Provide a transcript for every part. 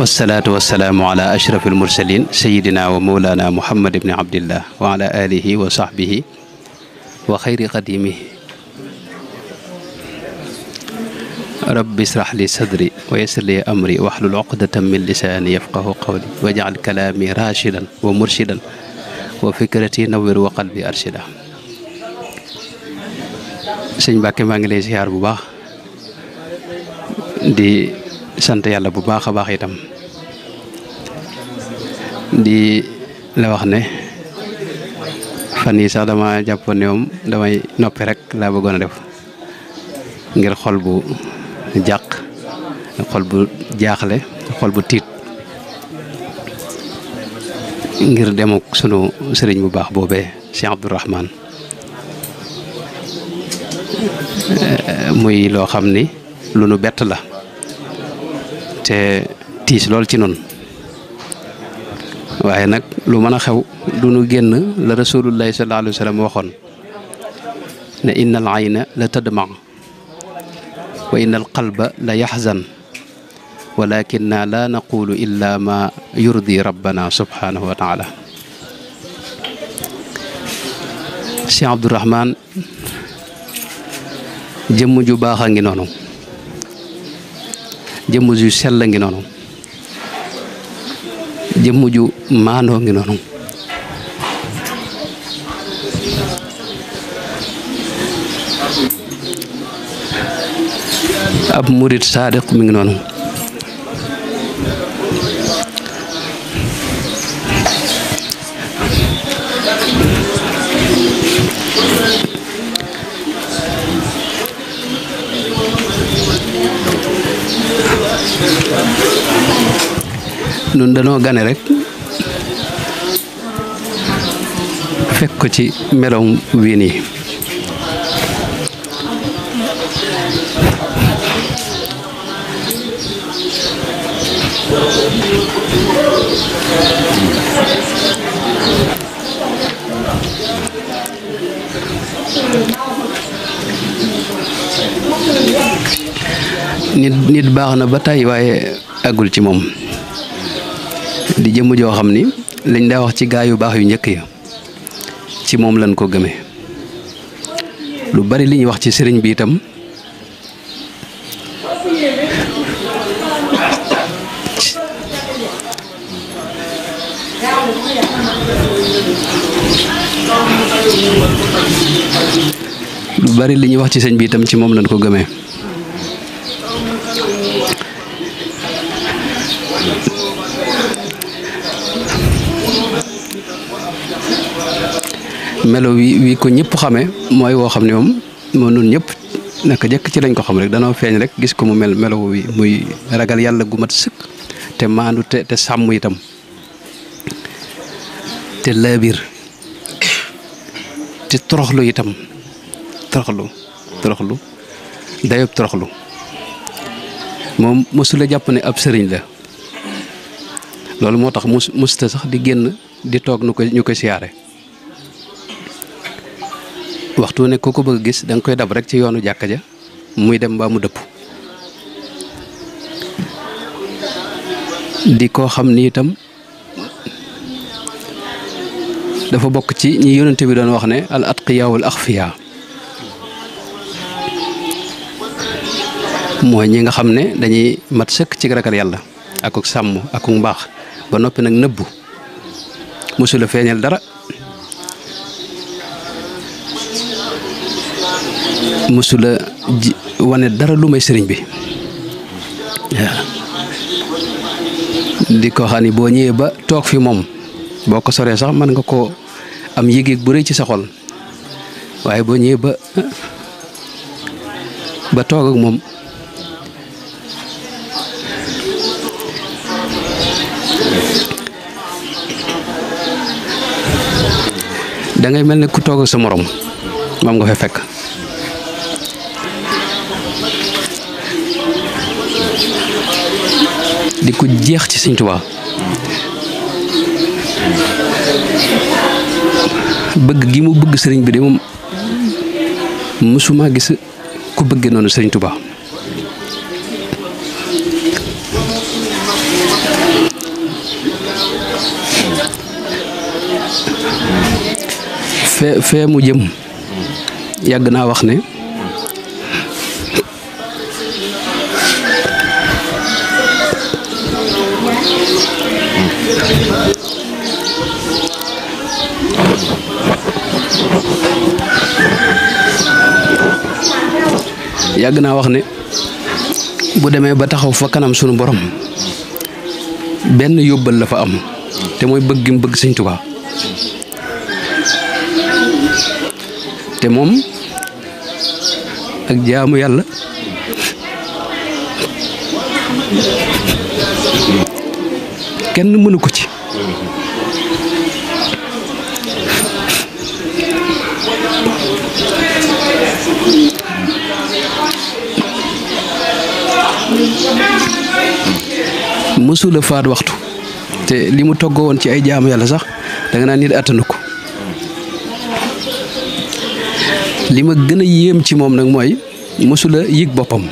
wasalaatu wasalaamu ala ashraf almursalin sayidina wa mawlana muhammad ibni abdillah wa ala alihi wa sahbihi wa xayri qadimihi rabbi israh li sadri wa yassir li amri wahlul uqdatan min lisaani yafqahu qawli waj'al kalaami rashidan wa murshidan wa fikrati nawwir wa qalbi arshida sëñ Mbàkke maa ngi lay ziar bu baax di sant yàlla bu baax a baax itam di la wax ne fan yi sax dama jàppoon ne moom damay noppi rek laa bëggoon a def ngir xol bu jàq xol bu jaaxle xol bu tiit ngir dem ak sunu sëriñ bu baax boobee Cheikh Abdourahman eh, muy loo xam ni lu nu bett la te tiis lool ci noon waaye nag lu mën a xew du nu génn la rasulullahi sallallahu alayhi wa sallam waxoon ne innal ayna la tadma wa innal qalba la yaxzan walakinna la naqulu illa ma yurdi rabbana subhanahu wa taala Cheikh Abdourahman jëmm ju baax a ngi noonu jëmm ju sell ngi noonu jëmm ju maandoo ngi noonu ab murit saadiq mi ngi noonu nun danoo gane rek fekk ko ci meloom wii nii nit nit baax na ba tey waaye àggul ci moom di jëmm joo xam ni liñ daa wax ci gaa yu baax yu njëkk ya ci moom lañ ko gëme lu bari li ñuy wax ci sëriñ bi itam lu bari li ñuy wax ci sëñ bi ci moom lañ ko gëmee melo wi wi ko ñëpp xame mooy woo xam ne moom moo nun ñëpp naka jëkk ci lañ ko xam rek danoo feeñ rek gis ko mu mel melo wi muy ragal yàlla gu mat sëkk te maandu te te sàmm itam te laabir te toroxlu itam toroxlu toroxlu dayob toroxlu moom mosula jàpp ne ab sëriñ la loolu moo tax mus musta sax di génn di toog ñu ko ñu ko siyaare waxtu ne ku ko bëgg a gis da nga koy dab rek ci yoonu jàkka ja muy dem ba mu dëpp di koo xam ni itam dafa bokk ci ñi yonente bi doon wax ne al atqiya wal axfiya mooy ñi nga xam ne dañuy mat sëkk ci ragal yàlla akuk sàmm akuk mbaax ba noppi nag nëbbu mësula feeñal dara mosula wane dara lu may sëriñ bi di ko boo ñëwee ba toog fi moom boo ko soree sax mën nga koo am yëg-yëg bu rëy ci sa xol waaye boo ñëwee ba ba toog ak moom da mel ne ku toog sa morom moom nga fa fekk. di jeex ci Sëñ Tuubaa bëgg gi mu bëgg sëriñ bi de moom mësuma gis ku bëgge noonu sëriñ Tuubaa fee fee mu jëm yàgg naa wax ne yàgg naa wax ne bu demee ba taxaw fa kanam sunu borom benn yóbbal la fa am te mooy bëgg gi mu bëgg sëñ Tuubaa te moom ak jaamu yàlla kenn mënu ko ci mësula a faat waxtu te li mu toggoo woon ci ay jaamu yàlla sax da nga naan nit attanu ko li ma gën a yéem ci moom nag mooy mësula a boppam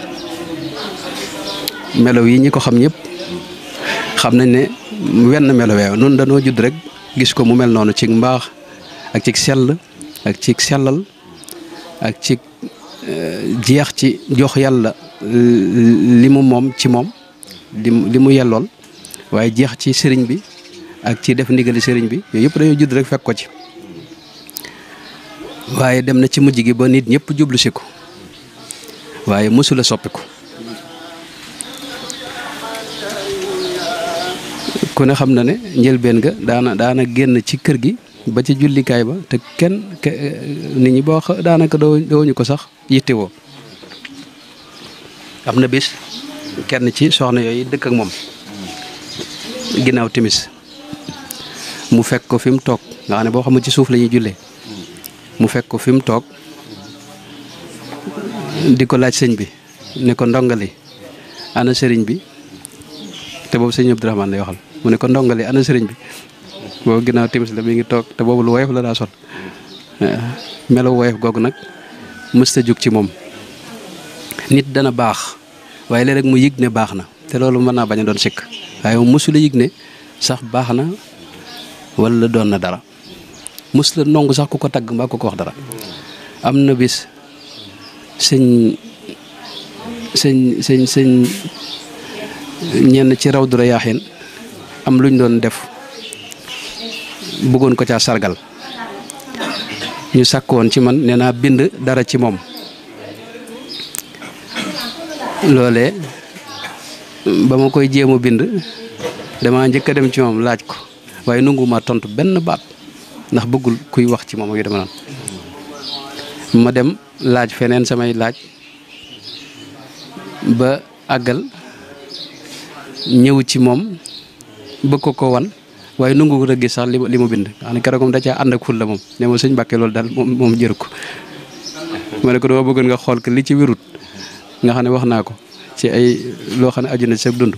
melaw yi ñi ko xam ñépp xam nañ ne wenn melowee noonu danoo judd rek gis ko mu mel noonu ci mbaax ak ci sell ak ci sellal ak ci euh, jeex ci jox yàlla li mu moom ci moom li mu yellool waaye jeex ci sëriñ bi ak ci def ndigali sëriñ bi yooyu yëpp dañoo judd rek fekk ko ci waaye dem na ci mujj gi ba nit ñëpp jublu si ko waaye mësula soppiku ku ne xam na ne njëlbeen ga daana daana génn ci kër gi ba ci jullikaay ba te kenn eh, nit ñi boo daanaka doo dooñu ko sax yittewoo am na bés kenn ci soxna yooyu dëkk ak moom ginnaaw timis mu fekk ko fi mu toog nga xam ne boo xam ne ci suuf lañuy ñuy mu fekk ko fi mu toog di ko laaj sëñ bi ne ko ndongali ana sëriñ bi te boobu sëñ Abdourahmane lay waxal mu ne ko ndongali ana sëriñ bi boobu ginnaaw timis la mi ngi toog te boobu lu woyof la daa sol melow woyof googu nag mësta jug ci moom nit dana baax waaye léeg mu yëg ne baax na te loolu mën naa bañ a doon sikk waaye moom mosula yëg ne sax baax na wala doon na dara mos la nongu sax ku ko tagg mbaa ku ko wax dara am na bis sëñ sëñ sëñ sëñ ñenn ci raw dura yaaxin am luñ doon def bëggoon ko caa sargal ñu sàkkoon ci man nee naa bind dara ci moom loole ba ma koy jéem a bind damaa njëkk dem ci moom laaj ko waaye nunguma tontu benn baat ndax bëggul kuy wax ci moom yu dama noonu ma dem laaj feneen samay laaj ba àggal ñëw ci moom bëgg ko ko wan waaye nungu ko gis sax li ma li ma bind xam ne keroog da caa ànd la moom ne ma sëñ Mbàkke loolu daal moom ko dama bëggoon nga xool que li ci wérut nga xam ne wax naa ko ci ay loo xam ne aju na ci sa dund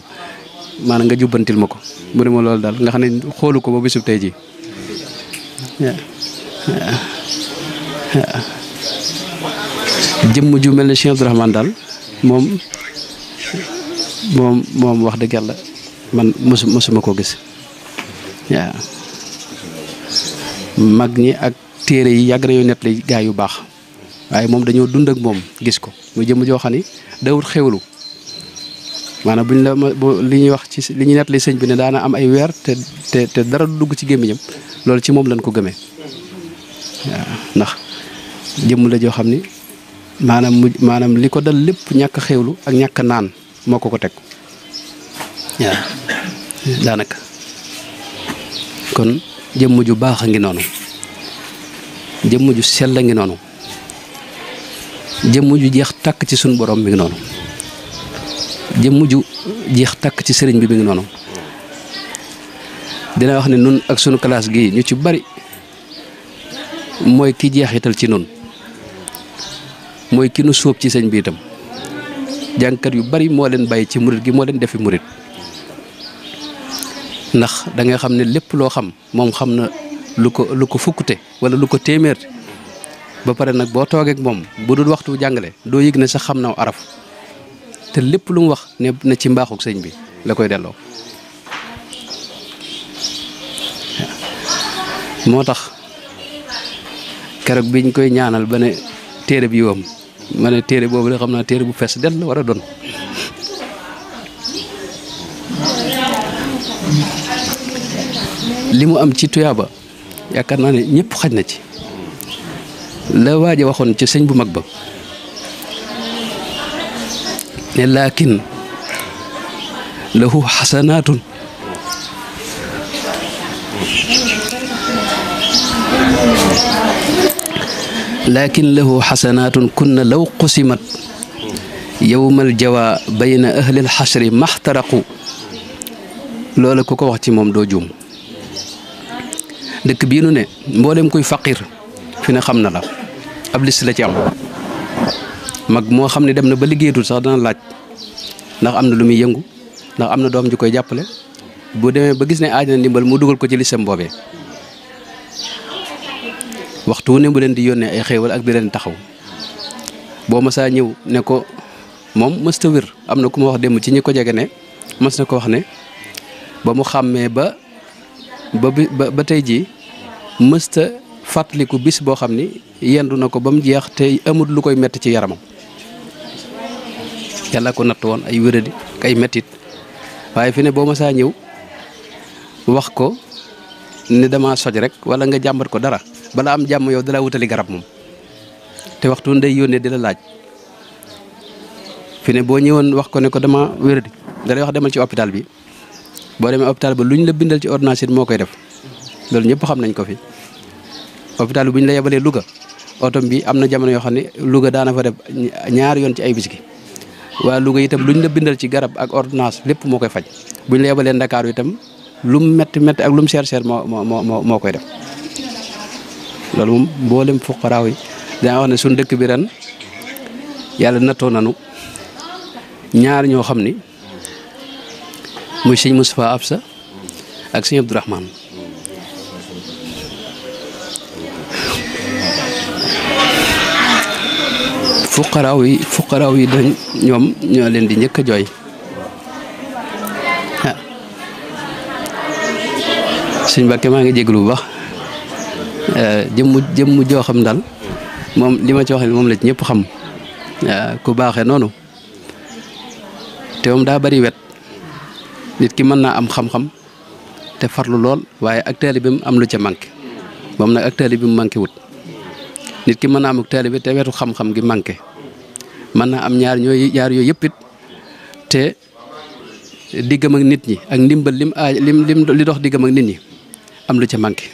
maanaam nga jubbantil ma ko mu ne ma loolu daal nga xam ne xoolu ko ba bisub tey ji jëmm ju mel ne Cheikh Abdourahmane daal moom moom moom wax dëgg yàlla man mosu mosuma koo gis waaw mag ñi ak téere yi yàgg yooyu nañoo nettali gaa yu baax waaye moom dañoo dund ak moom gis ko mu jëm joo xam ne dawut xewlu maanaam buñ la li ñuy wax ci li ñu ñuy nettali sëñ bi ne daana am ay weer te dara dugg ci gémmiñam loolu ci moom lañ ko gëmee ndax jëmm la joo xam ne maanaam mu maanaam li ko dal lépp ñàkk xewlu ak ñàkk naan moo ko ko teg daanaka kon jëmm ju baax a ngi noonu jëmm ju sell a ngi noonu jëmm ju jeex tàkk ci suñu borom bi ngi noonu jëmm ju jeex tàkk ci sëriñ bi bi ngi noonu dina wax ne nun ak sunu classe gi ñu ci bari mooy ki jeexital ci nun mooy ki nu sóob ci sëñ bi itam jàngkat yu bari moo leen bàyyi ci murit gi moo leen defi murit ndax dangay xam ne lépp loo xam moom xam na lu ko lu ko fukkute wala lu ko téeméer ba pare nag boo toogeek moom bu dul waxtu jàngale doo yëg na sax xam na araf te lépp lu mu wax ne na ci mbaaxuk sëñ bi la koy delloo moo tax keroog biñ koy ñaanal ba ne téere bi yiwam ma ne téere boobu de xam naa téere bu fees del la war a doon li mu am ci tuyaaba yaakaar naa ne ñëpp xaj na ci la waxoon ci sëñ bu mag ba ne laakin lahu xasanaatun laakin lahu xasanaatun kunna law qusimat yowmal jawa bayna ahlil xasri maxtaraqu loola ku ko wax ci moom doo juum dëkk bii nu ne mboolem kuy faqir fi ne xam na la ab liste la ci am mag moo xam ne dem na ba liggéeyatul sax dana laaj ndax am na lu muy yëngu ndax am na doom ju koy jàppale bu demee ba gis ne aaj na ndimbal mu dugal ko ci seen boobee waxtu wu ne mu leen di yónnee ay xéewal ak di leen taxaw boo masaa ñëw ne ko moom mësta wér am na ku ma wax démb ci ñu ko jege ne mës na ko wax ne ba mu xàmmee ba ba ba tey jii mësta fàttaliku bis boo xam ni yendu na ko ba mu jeex te amut lu koy metti ci yaramam yàlla ko natt woon ay wéradi ay mettit waaye fine boo ma saa ñëw wax ko ne dama soj rek wala nga jàmbat ko dara bala am jàmm yow dalaa wutali garab moom te waxtu day yónnee di la laaj fi boo ñëwoon wax ko ne ko dama wéradi dalay wax demal ci hôpital bi boo demee hôpital ba lu ñu la bindal ci ordonnance moo koy def loolu ñëpp xam nañ ko fi hôpital bi bu ñu la yebalee luga otom bi am na jamono yoo xam ne Louga daana fa def ñaari yoon ci ay bis waaye waa Louga itam lu ñu la bindal ci garab ak ordonnance lépp moo koy faj bu ñu la yebalee Ndakaaru itam lum métti métti ak lum seer seer moo koy def loolu moom mboolem fuqaraaw yi danga wax ne suñ dëkk bi ren yàlla nattoo nanu ñaar ñoo xam ni muy sëñ Moustapha Absa ak sëñ Abdourahmane fuqaraaw yi fuqaraaw yi dañ ñoom ñoo leen di njëkk a jooy suñ Mbàkke maa ngi jéglu bu baax jëmm joo xam daal moom li ma ci wax moom la ci ñëpp xam ku baaxe noonu te moom daa bari wet nit ki mën naa am xam-xam te farlu lool waaye ak taalibeem am lu ca manqué moom nag ak taalibe bi mu manqué wut nit ki mën naa am ak te wetu xam-xam gi manqué mën naa am ñaar ñooy ñaar yooyu yëpp it te diggam ak nit ñi ak ndimbal lim aaj lim lim dox diggam ak nit ñi am lu ca manqué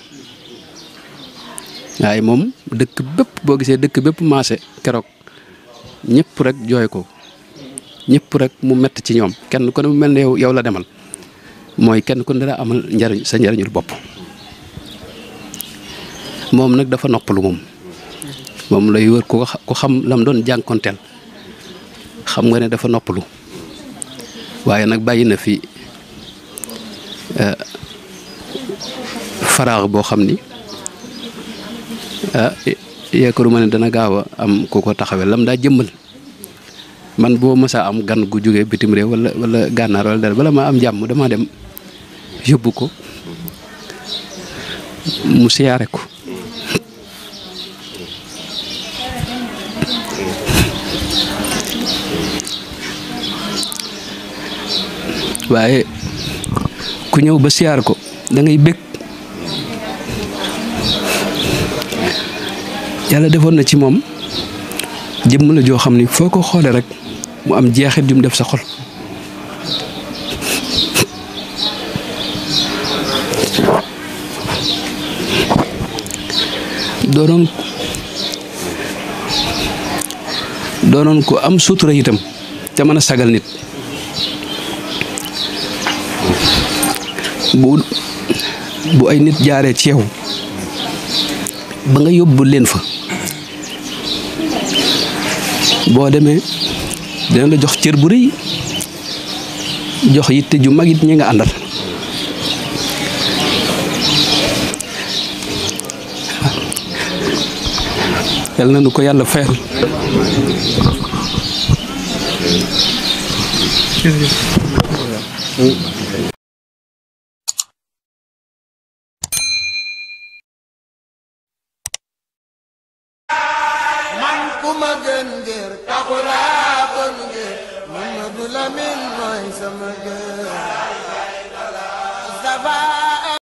waaye moom dëkk bépp boo gisee dëkk bépp maase keroog ñëpp rek jooy ko ñëpp rek mu mett ci ñoom kenn ku ne mu mel ne yow yow la demal mooy kenn ku dara dana amal njariñ sa njariñul bopp. moom nag dafa noppalu moom moom lay wër ku ko xam lam doon jànkonteel xam nga ne dafa noppalu waaye nag bàyyi na fi eh, faraax boo xam ni ah yaakaaruma ne dana gaaw a am ku ko taxawee lam daa jëmmal man boo mësaa am gan gu jógee bitim réew walla wala gànnaar wala dara bala ma am jàmm damaa dem yóbbu ko mu siyaare ko waaye ku ñëw ba siyaar ko dangay ngay bég yàlla defoon na ci moom jëmm la joo xam ni foo ko xoolee rek mu am jeexit jum def sa xol doonoon doonoon ko am sutura itam te mën a sagal nit bu bu ay nit jaaree ci ba nga yóbbu leen fa boo demee dina jox cër bu rëy jox yitte ju mag it ñi nga àndal yal na nu ko yàlla fayal